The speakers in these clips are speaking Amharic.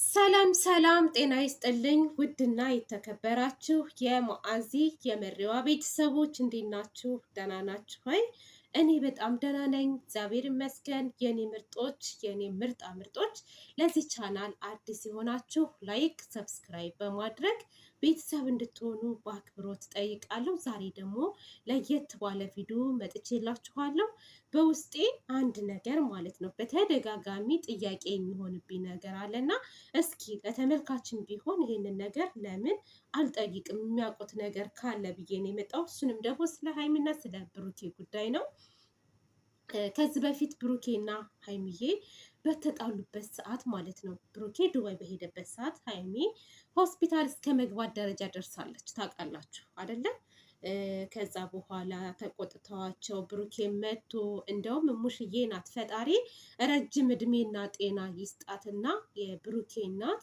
ሰላም ሰላም፣ ጤና ይስጥልኝ ውድና የተከበራችሁ የማአዚ የመሪዋ ቤተሰቦች እንዴት ናችሁ? ደህና ናችሁ ሆይ? እኔ በጣም ደህና ነኝ፣ እግዚአብሔር ይመስገን። የኔ ምርጦች፣ የኔ ምርጣ ምርጦች፣ ለዚህ ቻናል አዲስ የሆናችሁ ላይክ፣ ሰብስክራይብ በማድረግ ቤተሰብ እንድትሆኑ በአክብሮት ጠይቃለሁ። ዛሬ ደግሞ ለየት ባለ ቪዲዮ መጥቼላችኋለሁ። በውስጤ አንድ ነገር ማለት ነው በተደጋጋሚ ጥያቄ የሚሆንብኝ ነገር አለና እስኪ ለተመልካችን ቢሆን ይህንን ነገር ለምን አልጠይቅም የሚያውቁት ነገር ካለ ብዬ ነው የመጣው። እሱንም ደግሞ ስለ ሀይሚና ስለ ብሩኬ ጉዳይ ነው። ከዚህ በፊት ብሩኬና ሀይሚዬ በተጣሉበት ሰዓት ማለት ነው። ብሩኬ ዱባይ በሄደበት ሰዓት ሀይሚ ሆስፒታል እስከ መግባት ደረጃ ደርሳለች። ታውቃላችሁ አይደለም? ከዛ በኋላ ተቆጥተዋቸው ብሩኬ መቶ እንደውም ሙሽዬ ናት ፈጣሪ ረጅም እድሜና ጤና ይስጣትና የብሩኬ ናት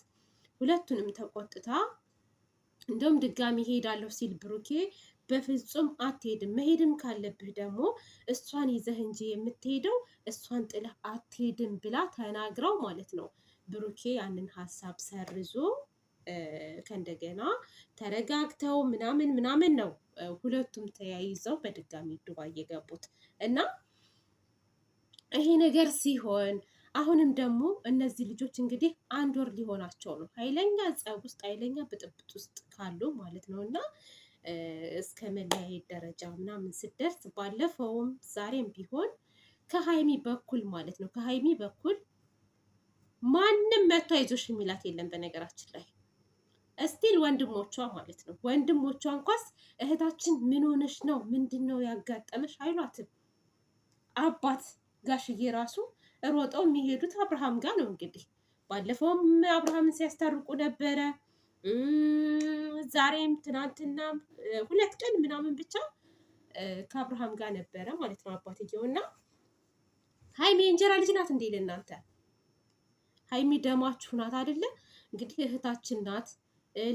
ሁለቱንም ተቆጥታ እንደውም ድጋሚ ሄዳለሁ ሲል ብሩኬ በፍጹም አትሄድም። መሄድም ካለብህ ደግሞ እሷን ይዘህ እንጂ የምትሄደው እሷን ጥለህ አትሄድም ብላ ተናግረው ማለት ነው። ብሩኬ ያንን ሀሳብ ሰርዞ ከእንደገና ተረጋግተው ምናምን ምናምን ነው ሁለቱም ተያይዘው በድጋሚ ዱባይ የገቡት እና ይሄ ነገር ሲሆን አሁንም ደግሞ እነዚህ ልጆች እንግዲህ አንድ ወር ሊሆናቸው ነው። ኃይለኛ ጸብ ውስጥ ኃይለኛ ብጥብጥ ውስጥ ካሉ ማለት ነው እና እስከ መለያየት ደረጃ ምናምን ስደርስ ባለፈውም ዛሬም ቢሆን ከሀይሚ በኩል ማለት ነው ከሀይሚ በኩል ማንም መቶ አይዞሽ የሚላት የለም። በነገራችን ላይ እስቲል ወንድሞቿ ማለት ነው ወንድሞቿ እንኳስ እህታችን ምን ሆነሽ ነው ምንድን ነው ያጋጠመሽ አይሏትም። አባት ጋሽዬ ራሱ ሮጠው የሚሄዱት አብርሃም ጋር ነው። እንግዲህ ባለፈውም አብርሃምን ሲያስታርቁ ነበረ። ዛሬም ትናንትና ሁለት ቀን ምናምን ብቻ ከአብርሃም ጋር ነበረ ማለት ነው አባትየው እና ሀይሚ የእንጀራ ልጅ ናት እንዴ ለእናንተ ሀይሚ ደማችሁ ናት አይደለ እንግዲህ እህታችን ናት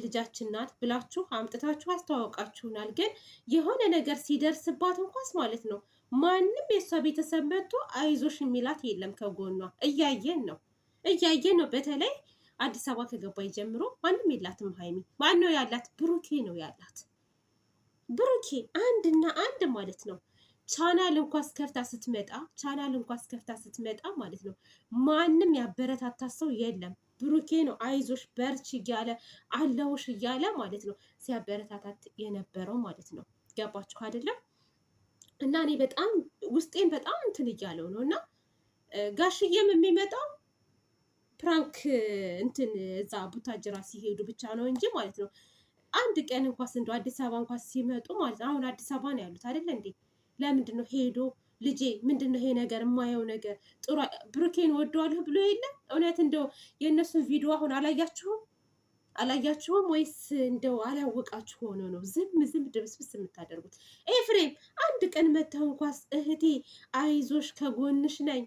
ልጃችን ናት ብላችሁ አምጥታችሁ አስተዋወቃችሁናል ግን የሆነ ነገር ሲደርስባት እንኳስ ማለት ነው ማንም የእሷ ቤተሰብ መጥቶ አይዞሽ የሚላት የለም ከጎኗ እያየን ነው እያየን ነው በተለይ አዲስ አበባ ከገባኝ ጀምሮ ማንም የላትም ሀይሚ። ነው ያላት? ብሩኬ ነው ያላት። ብሩኬ አንድና አንድ ማለት ነው። ቻናል እንኳ ስከፍታ ስትመጣ ቻናል እንኳ ስከፍታ ስትመጣ ማለት ነው ማንም ያበረታታ ሰው የለም። ብሩኬ ነው አይዞሽ በርች እያለ አለውሽ እያለ ማለት ነው ሲያበረታታት የነበረው ማለት ነው። ገባችሁ አይደለም? እና እኔ በጣም ውስጤን በጣም እንትን እያለው ነው እና ጋሽዬም የሚመጣው ፕራንክ እንትን እዛ ቡታጅራ ሲሄዱ ብቻ ነው እንጂ ማለት ነው። አንድ ቀን እንኳስ እንደ አዲስ አበባ እንኳስ ሲመጡ ማለት ነው። አሁን አዲስ አበባ ነው ያሉት አይደለ እንዴ? ለምንድን ነው ሄዶ ልጄ ምንድን ነው ይሄ ነገር የማየው ነገር ጥሩ ብሩኬን ወደዋለሁ ብሎ የለ እውነት እንደው የእነሱን ቪዲዮ አሁን አላያችሁም? አላያችሁም ወይስ እንደው አላወቃችሁ ሆኖ ነው ዝም ዝም ድብስብስ የምታደርጉት? ኤፍሬም አንድ ቀን መተው እንኳስ እህቴ አይዞሽ ከጎንሽ ነኝ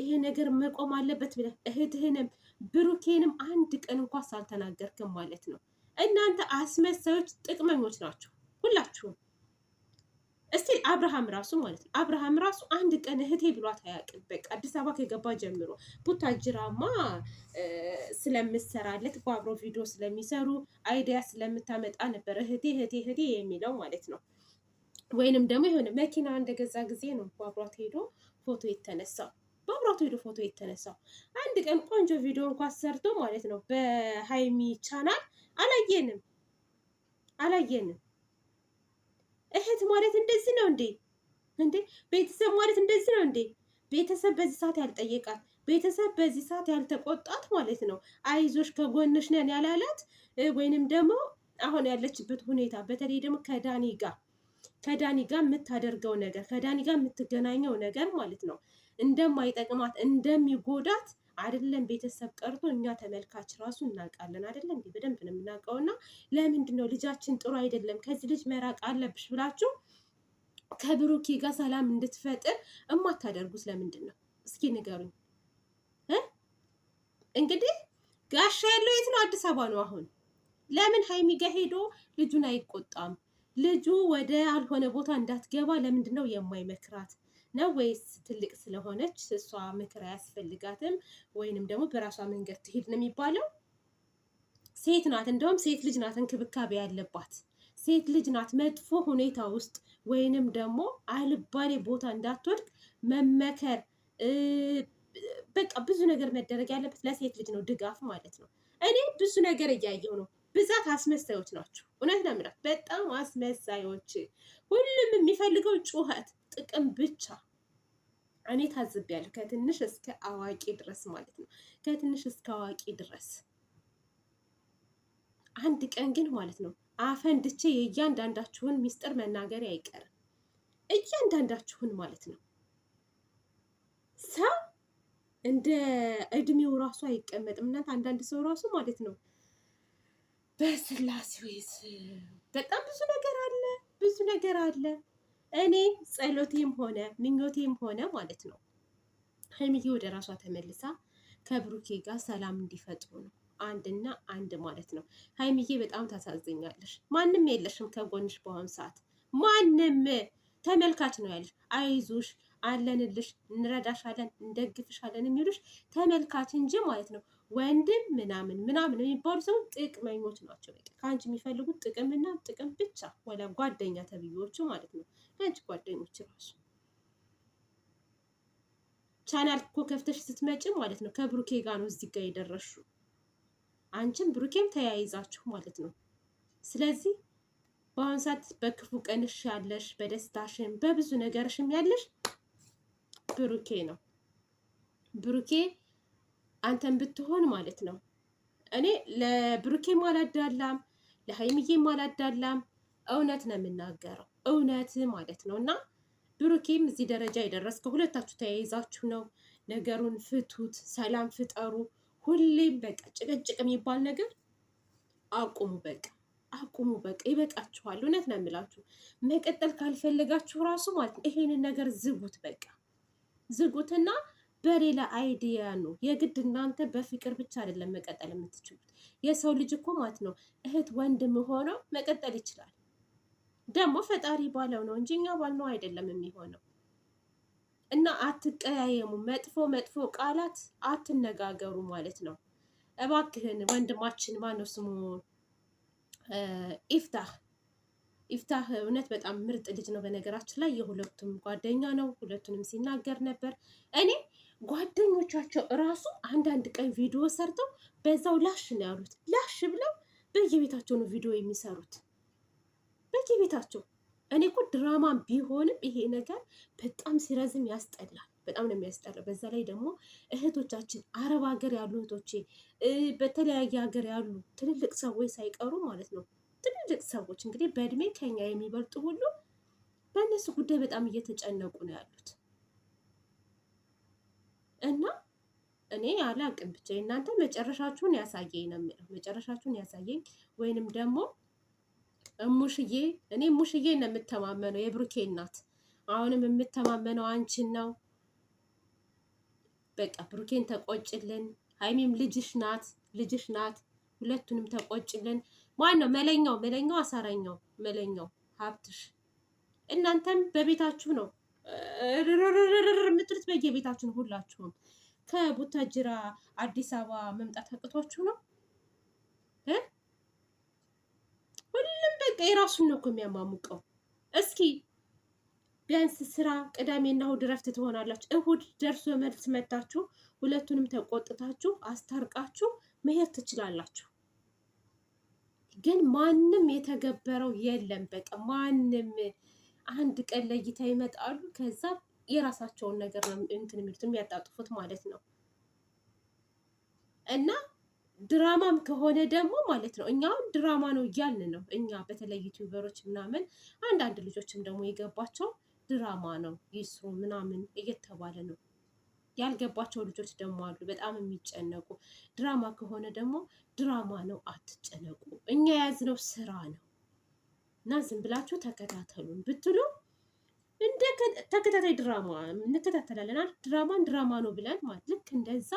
ይሄ ነገር መቆም አለበት ብለ እህትህንም ብሩኬንም አንድ ቀን እንኳስ አልተናገርክም ማለት ነው። እናንተ አስመሳዮች፣ ጥቅመኞች ናቸው ሁላችሁም። እስቲ አብርሃም ራሱ ማለት ነው። አብርሃም ራሱ አንድ ቀን እህቴ ብሏት አያውቅም። በቃ አዲስ አበባ ከገባ ጀምሮ ቡታጅራማ ስለምሰራለት በአብሮ ቪዲዮ ስለሚሰሩ አይዲያ ስለምታመጣ ነበር እህቴ እህቴ እህቴ የሚለው ማለት ነው። ወይንም ደግሞ የሆነ መኪና እንደገዛ ጊዜ ነው በአብሯት ሄዶ ፎቶ የተነሳው በአብሯት ሄዶ ፎቶ የተነሳው። አንድ ቀን ቆንጆ ቪዲዮ እንኳ ሰርቶ ማለት ነው በሀይሚ ቻናል አላየንም አላየንም እህት ማለት እንደዚህ ነው እንዴ? እንዴ ቤተሰብ ማለት እንደዚህ ነው እንዴ? ቤተሰብ በዚህ ሰዓት ያልጠየቃት ቤተሰብ በዚህ ሰዓት ያልተቆጣት ማለት ነው። አይዞሽ ከጎንሽ ነን ያላላት ወይንም ደግሞ አሁን ያለችበት ሁኔታ በተለይ ደግሞ ከዳኒ ጋር ከዳኒ ጋር የምታደርገው ነገር ከዳኒ ጋር የምትገናኘው ነገር ማለት ነው እንደማይጠቅማት እንደሚጎዳት አይደለም ቤተሰብ ቀርቶ እኛ ተመልካች ራሱ እናውቃለን። አይደለም በደንብ ነው የምናውቀውና ለምንድን ነው ልጃችን ጥሩ አይደለም ከዚህ ልጅ መራቅ አለብሽ ብላችሁ ከብሩኬ ጋር ሰላም እንድትፈጥር እማታደርጉት ለምንድን ነው? እስኪ ንገሩኝ። እንግዲህ ጋሻ ያለው የት ነው? አዲስ አበባ ነው። አሁን ለምን ሀይሚ ጋር ሄዶ ልጁን አይቆጣም? ልጁ ወደ አልሆነ ቦታ እንዳትገባ ለምንድን ነው የማይመክራት? ነው ወይስ ትልቅ ስለሆነች እሷ ምክር አያስፈልጋትም ወይንም ደግሞ በራሷ መንገድ ትሄድ ነው የሚባለው? ሴት ናት፣ እንደውም ሴት ልጅ ናት እንክብካቤ ያለባት ሴት ልጅ ናት መጥፎ ሁኔታ ውስጥ ወይንም ደግሞ አልባሌ ቦታ እንዳትወድቅ መመከር በቃ ብዙ ነገር መደረግ ያለበት ለሴት ልጅ ነው፣ ድጋፍ ማለት ነው። እኔ ብዙ ነገር እያየሁ ነው። ብዛት አስመሳዮች ናቸው። እውነት ነው በጣም አስመሳዮች። ሁሉም የሚፈልገው ጩኸት ጥቅም ብቻ እኔ ታዝቢያለሁ ከትንሽ እስከ አዋቂ ድረስ ማለት ነው። ከትንሽ እስከ አዋቂ ድረስ አንድ ቀን ግን ማለት ነው አፈንድቼ የእያንዳንዳችሁን ሚስጥር መናገር አይቀርም። እያንዳንዳችሁን ማለት ነው። ሰው እንደ እድሜው ራሱ አይቀመጥም። እናንተ አንዳንድ ሰው ራሱ ማለት ነው በስላሴ በጣም ብዙ ነገር አለ፣ ብዙ ነገር አለ እኔ ጸሎቴም ሆነ ምኞቴም ሆነ ማለት ነው ሀይሚዬ ወደ ራሷ ተመልሳ ከብሩኬ ጋር ሰላም እንዲፈጥሩ ነው። አንድና አንድ ማለት ነው። ሀይሚዬ በጣም ታሳዝኛለሽ። ማንም የለሽም ከጎንሽ በአሁኑ ሰዓት ማንም ተመልካች ነው ያለሽ። አይዞሽ አለንልሽ፣ እንረዳሻለን፣ እንደግፍሻለን የሚሉሽ ተመልካች እንጂ ማለት ነው ወንድም ምናምን ምናምን የሚባሉ ሰው ጥቅመኞች ናቸው። በቃ ከአንቺ የሚፈልጉት ጥቅምና ጥቅም ብቻ፣ ወላ ጓደኛ ተብዬዎቹ ማለት ነው። አንቺ ጓደኞች ራሱ ቻናል እኮ ከፍተሽ ስትመጪ ማለት ነው ከብሩኬ ጋር ነው እዚህ ጋር የደረሽው። አንቺም ብሩኬም ተያይዛችሁ ማለት ነው። ስለዚህ በአሁኑ ሰዓት በክፉ ቀንሽ ያለሽ በደስታሽም በብዙ ነገርሽም ያለሽ ብሩኬ ነው። ብሩኬ አንተን ብትሆን ማለት ነው እኔ ለብሩኬም አላዳላም፣ ለሀይምዬም አላዳላም፣ እውነት ነው የምናገረው፣ እውነት ማለት ነው። እና ብሩኬም እዚህ ደረጃ የደረስከ ሁለታችሁ ተያይዛችሁ ነው። ነገሩን ፍቱት፣ ሰላም ፍጠሩ። ሁሌም በቃ ጭቅጭቅ የሚባል ነገር አቁሙ፣ በቃ አቁሙ፣ በቃ ይበቃችኋል። እውነት ነው የምላችሁ። መቀጠል ካልፈለጋችሁ ራሱ ማለት ነው ይሄንን ነገር ዝጉት፣ በቃ ዝጉትና በሌላ አይዲያ ነው የግድ እናንተ በፍቅር ብቻ አይደለም መቀጠል የምትችሉት። የሰው ልጅ እኮ ማለት ነው እህት ወንድም ሆነው መቀጠል ይችላል። ደግሞ ፈጣሪ ባለው ነው እንጂ እኛ ባልነው አይደለም የሚሆነው። እና አትቀያየሙ፣ መጥፎ መጥፎ ቃላት አትነጋገሩ ማለት ነው። እባክህን ወንድማችን ማነው ስሙ ኢፍታህ ኢፍታህ እውነት በጣም ምርጥ ልጅ ነው። በነገራችን ላይ የሁለቱም ጓደኛ ነው። ሁለቱንም ሲናገር ነበር። እኔ ጓደኞቻቸው እራሱ አንዳንድ ቀን ቪዲዮ ሰርተው በዛው ላሽ ነው ያሉት። ላሽ ብለው በየቤታቸው ነው ቪዲዮ የሚሰሩት። በየቤታቸው እኔ እኮ ድራማ ቢሆንም ይሄ ነገር በጣም ሲረዝም ያስጠላል። በጣም ነው የሚያስጠላው። በዛ ላይ ደግሞ እህቶቻችን አረብ ሀገር ያሉ እህቶቼ፣ በተለያየ ሀገር ያሉ ትልልቅ ሰዎች ሳይቀሩ ማለት ነው ትልልቅ ሰዎች እንግዲህ በእድሜ ከኛ የሚበልጡ ሁሉ በእነሱ ጉዳይ በጣም እየተጨነቁ ነው ያሉት እና እኔ አላቅም ብቻ እናንተ መጨረሻችሁን ያሳየኝ ነው የሚለው መጨረሻችሁን ያሳየኝ ወይንም ደግሞ ሙሽዬ እኔ ሙሽዬ ነው የምተማመነው፣ የብሩኬ እናት። አሁንም የምተማመነው አንቺን ነው። በቃ ብሩኬን ተቆጭልን። ሀይሚም ልጅሽ ናት፣ ልጅሽ ናት። ሁለቱንም ተቆጭልን። ማን ነው መለኛው? መለኛው አሳረኛው፣ መለኛው ሀብትሽ። እናንተም በቤታችሁ ነው የምትሉት፣ በየቤታችሁ ነው ሁላችሁም። ከቡታጅራ አዲስ አበባ መምጣት አቅቷችሁ ነው። በቃ የራሱን ነው እኮ የሚያማሙቀው። እስኪ ቢያንስ ስራ ቅዳሜና እሁድ እረፍት ትሆናላችሁ። እሁድ ደርሶ መልስ መታችሁ ሁለቱንም ተቆጥታችሁ አስታርቃችሁ መሄድ ትችላላችሁ። ግን ማንም የተገበረው የለም። በቃ ማንም አንድ ቀን ለይታ ይመጣሉ። ከዛ የራሳቸውን ነገር ነው እንትን የሚሉት የሚያጣጥፉት ማለት ነው እና ድራማም ከሆነ ደግሞ ማለት ነው እኛ ድራማ ነው እያልን ነው። እኛ በተለይ ዩቲዩበሮች ምናምን አንዳንድ ልጆችም ደግሞ የገባቸው ድራማ ነው ይስሩ ምናምን እየተባለ ነው። ያልገባቸው ልጆች ደግሞ አሉ በጣም የሚጨነቁ። ድራማ ከሆነ ደግሞ ድራማ ነው አትጨነቁ፣ እኛ የያዝነው ስራ ነው እና ዝም ብላችሁ ተከታተሉን ብትሉ እንደ ተከታታይ ድራማ እንከታተላለን። ድራማን ድራማ ነው ብለን ማለት ልክ እንደዛ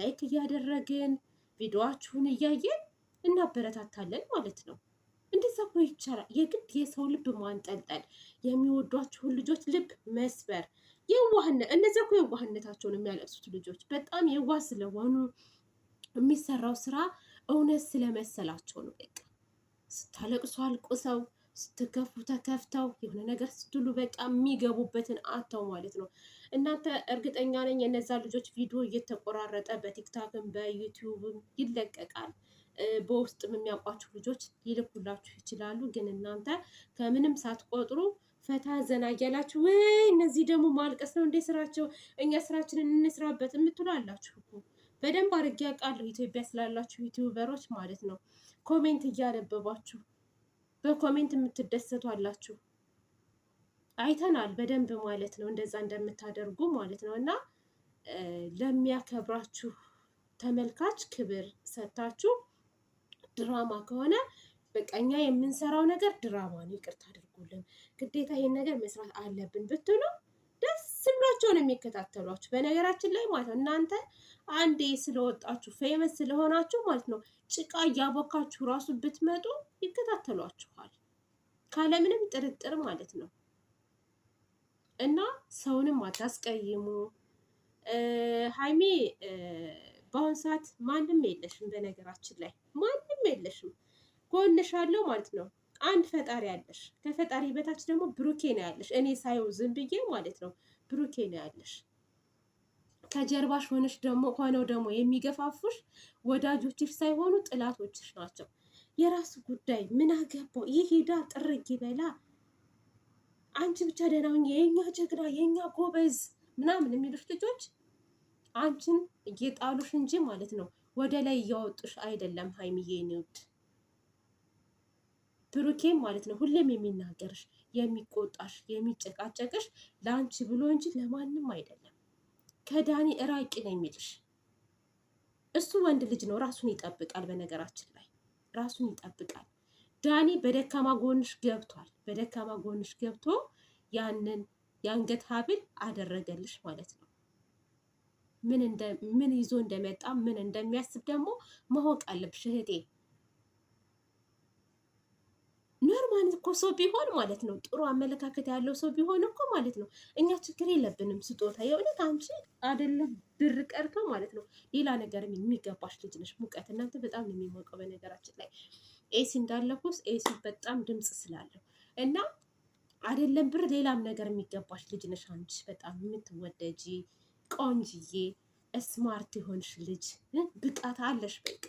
ላይክ እያደረግን ቪዲዮዋችሁን እያየን እናበረታታለን ማለት ነው። እንደዛ ይቻላል። የግድ የሰው ልብ ማንጠልጠል፣ የሚወዷችሁን ልጆች ልብ መስበር የዋህነት እነዚያ የዋህነታቸውን የሚያለቅሱት ልጆች በጣም የዋህ ስለሆኑ የሚሰራው ስራ እውነት ስለመሰላቸው ነው። በቃ ስታለቅሱ አልቁ ሰው ስትከፉ ተከፍተው የሆነ ነገር ስትሉ በቃ የሚገቡበትን አተው ማለት ነው። እናንተ እርግጠኛ ነኝ የነዛ ልጆች ቪዲዮ እየተቆራረጠ በቲክታክም በዩቲዩብም ይለቀቃል። በውስጥም የሚያውቋችሁ ልጆች ሊልኩላችሁ ይችላሉ። ግን እናንተ ከምንም ሳትቆጥሩ ፈታ ዘና እያላችሁ ወይ እነዚህ ደግሞ ማልቀስ ነው እንዴ ስራቸው፣ እኛ ስራችንን እንስራበት የምትሉ አላችሁ እኮ በደንብ አድርጌ አውቃለሁ። ኢትዮጵያ ስላላችሁ ዩቲዩበሮች ማለት ነው ኮሜንት እያነበባችሁ በኮሜንት የምትደሰቱ አላችሁ። አይተናል በደንብ ማለት ነው፣ እንደዛ እንደምታደርጉ ማለት ነው። እና ለሚያከብራችሁ ተመልካች ክብር ሰታችሁ ድራማ ከሆነ በቃ እኛ የምንሰራው ነገር ድራማ ነው፣ ይቅርታ አድርጉልን፣ ግዴታ ይሄን ነገር መስራት አለብን ብትሉ ዝም ብሏቸው ነው የሚከታተሏችሁ። በነገራችን ላይ ማለት ነው እናንተ አንዴ ስለወጣችሁ ፌመስ ስለሆናችሁ ማለት ነው ጭቃ እያቦካችሁ ራሱ ብትመጡ ይከታተሏችኋል፣ ካለምንም ጥርጥር ማለት ነው። እና ሰውንም አታስቀይሙ። ሀይሜ በአሁኑ ሰዓት ማንም የለሽም፣ በነገራችን ላይ ማንም የለሽም። ጎንሽ አለው ማለት ነው አንድ ፈጣሪ አለሽ። ከፈጣሪ በታች ደግሞ ብሩኬ ነው ያለሽ። እኔ ሳየው ዝም ብዬ ማለት ነው ብሩኬ ነው ያለሽ። ከጀርባሽ ሆነሽ ደግሞ ሆነው ደግሞ የሚገፋፉሽ ወዳጆችሽ ሳይሆኑ ጥላቶችሽ ናቸው። የራሱ ጉዳይ ምን አገባው? ይህ ሄዳ ጥርግ ይበላ። አንቺ ብቻ ደህና ሁኚ፣ የኛ ጀግና፣ የኛ ጎበዝ ምናምን የሚሉሽ ልጆች አንቺን እየጣሉሽ እንጂ ማለት ነው ወደ ላይ እያወጡሽ አይደለም። ሀይሚዬ ንውድ ብሩኬም ማለት ነው ሁሌም የሚናገርሽ የሚቆጣሽ የሚጨቃጨቅሽ ለአንቺ ብሎ እንጂ ለማንም አይደለም። ከዳኒ እራቂ ነው የሚልሽ። እሱ ወንድ ልጅ ነው፣ ራሱን ይጠብቃል። በነገራችን ላይ ራሱን ይጠብቃል። ዳኒ በደካማ ጎንሽ ገብቷል። በደካማ ጎንሽ ገብቶ ያንን የአንገት ሀብል አደረገልሽ ማለት ነው። ምን ይዞ እንደመጣ ምን እንደሚያስብ ደግሞ ማወቅ አለብሽ እህቴ። ዶላር ማለት እኮ ሰው ቢሆን ማለት ነው ጥሩ አመለካከት ያለው ሰው ቢሆን እኮ ማለት ነው እኛ ችግር የለብንም። ስጦታ የእውነት አንቺ አይደለም ብር ቀርቶ ማለት ነው ሌላ ነገርም የሚገባሽ ልጅ ነሽ። ሙቀት እናንተ በጣም ነው የሚሞቀው። በነገራችን ላይ ኤሲ እንዳለኩስ ኤሲ በጣም ድምፅ ስላለው እና አይደለም ብር ሌላም ነገር የሚገባሽ ልጅ ነሽ። አንቺ በጣም የምትወደጂ ቆንጅዬ ስማርት የሆንሽ ልጅ ብቃት አለሽ። በቃ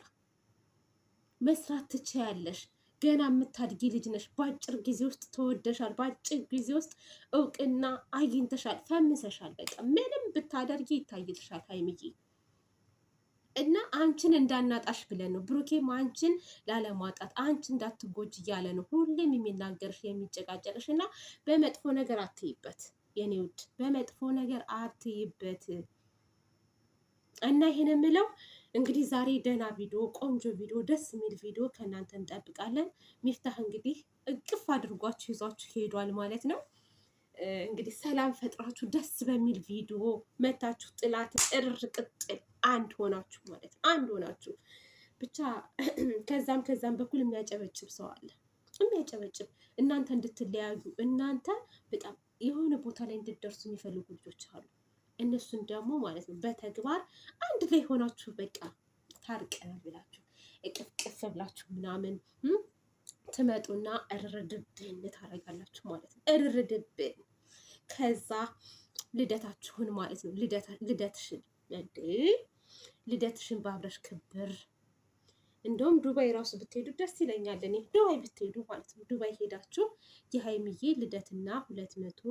መስራት ትችያለሽ። ገና የምታድጊ ልጅ ነሽ። በአጭር ጊዜ ውስጥ ተወደሻል። በአጭር ጊዜ ውስጥ እውቅና አግኝተሻል፣ ፈምሰሻል። በቃ ምንም ብታደርጊ ይታይልሻል ሀይሚዬ እና አንቺን እንዳናጣሽ ብለን ነው። ብሩኬም አንቺን ላለማጣት አንቺ እንዳትጎጅ እያለ ነው ሁሌም የሚናገርሽ የሚጨቃጨቅሽ። እና በመጥፎ ነገር አትይበት የኔ ውድ፣ በመጥፎ ነገር አትይበት እና ይህን የምለው እንግዲህ ዛሬ ደህና ቪዲዮ፣ ቆንጆ ቪዲዮ፣ ደስ የሚል ቪዲዮ ከእናንተ እንጠብቃለን። ሚፍታህ እንግዲህ እቅፍ አድርጓችሁ ይዟችሁ ሄዷል ማለት ነው። እንግዲህ ሰላም ፈጥራችሁ ደስ በሚል ቪዲዮ መታችሁ ጥላት ጥር ቅጥል አንድ ሆናችሁ ማለት አንድ ሆናችሁ ብቻ ከዛም ከዛም በኩል የሚያጨበጭብ ሰው አለ። የሚያጨበጭብ እናንተ እንድትለያዩ እናንተ በጣም የሆነ ቦታ ላይ እንድትደርሱ የሚፈልጉ ልጆች አሉ። እነሱን ደግሞ ማለት ነው በተግባር አንድ ላይ ሆናችሁ በቃ ታርቀናል ብላችሁ እቅፍቅፍ ብላችሁ ምናምን ትመጡና እርርድብን ታደርጋላችሁ ማለት ነው። እርርድብን ከዛ ልደታችሁን ማለት ነው ልደትሽን ልደትሽን በአብረሽ ክብር እንደውም ዱባይ ራሱ ብትሄዱ ደስ ይለኛል። እኔ ዱባይ ብትሄዱ ማለት ነው ዱባይ ሄዳችሁ የሀይምዬ ልደትና ሁለት መቶ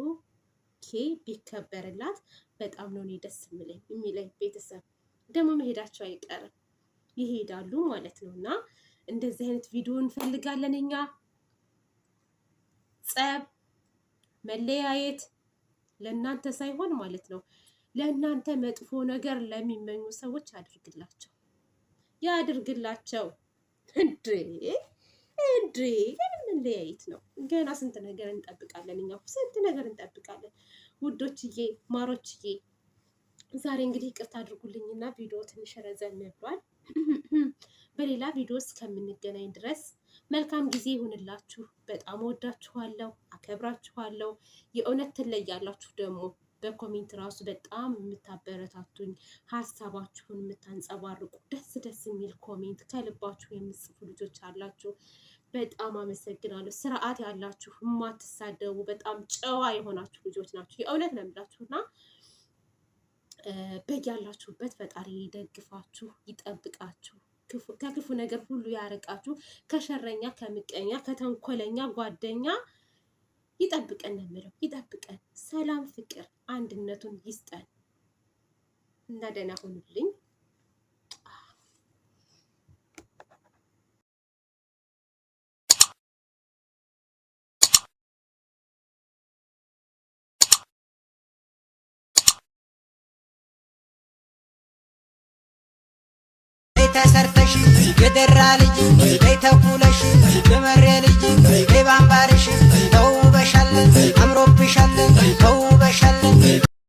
ኬ ቢከበርላት በጣም ነው እኔ ደስ የሚለኝ የሚለኝ ቤተሰብ ደግሞ መሄዳቸው አይቀርም ይሄዳሉ ማለት ነው። እና እንደዚህ አይነት ቪዲዮ እንፈልጋለን እኛ። ጸብ፣ መለያየት ለእናንተ ሳይሆን ማለት ነው ለእናንተ መጥፎ ነገር ለሚመኙ ሰዎች አድርግላቸው ያድርግላቸው እንዴ እንዴ መለያየት ነው። ገና ስንት ነገር እንጠብቃለን፣ እኛ ስንት ነገር እንጠብቃለን። ውዶችዬ ማሮችዬ፣ ዛሬ እንግዲህ ይቅርታ አድርጉልኝና ቪዲዮ ትንሽ ረዘም ብሏል። በሌላ ቪዲዮ እስከምንገናኝ ድረስ መልካም ጊዜ ይሁንላችሁ። በጣም ወዳችኋለሁ፣ አከብራችኋለሁ። የእውነት ትለያላችሁ ደግሞ በኮሜንት ራሱ በጣም የምታበረታቱኝ ሀሳባችሁን የምታንጸባርቁ ደስ ደስ የሚል ኮሜንት ከልባችሁ የምጽፉ ልጆች አላችሁ። በጣም አመሰግናለሁ። ስርዓት ያላችሁ የማትሳደቡ በጣም ጨዋ የሆናችሁ ልጆች ናችሁ። የእውነት ነው የምላችሁ እና በያላችሁበት ፈጣሪ ይደግፋችሁ፣ ይጠብቃችሁ፣ ከክፉ ነገር ሁሉ ያረቃችሁ ከሸረኛ፣ ከምቀኛ፣ ከተንኮለኛ ጓደኛ ይጠብቀን ነው የምለው። ይጠብቀን፣ ሰላም፣ ፍቅር፣ አንድነቱን ይስጠን እና ደህና ሁኑልኝ። የደራ ልጅ በይተኩለሽ ልመሬ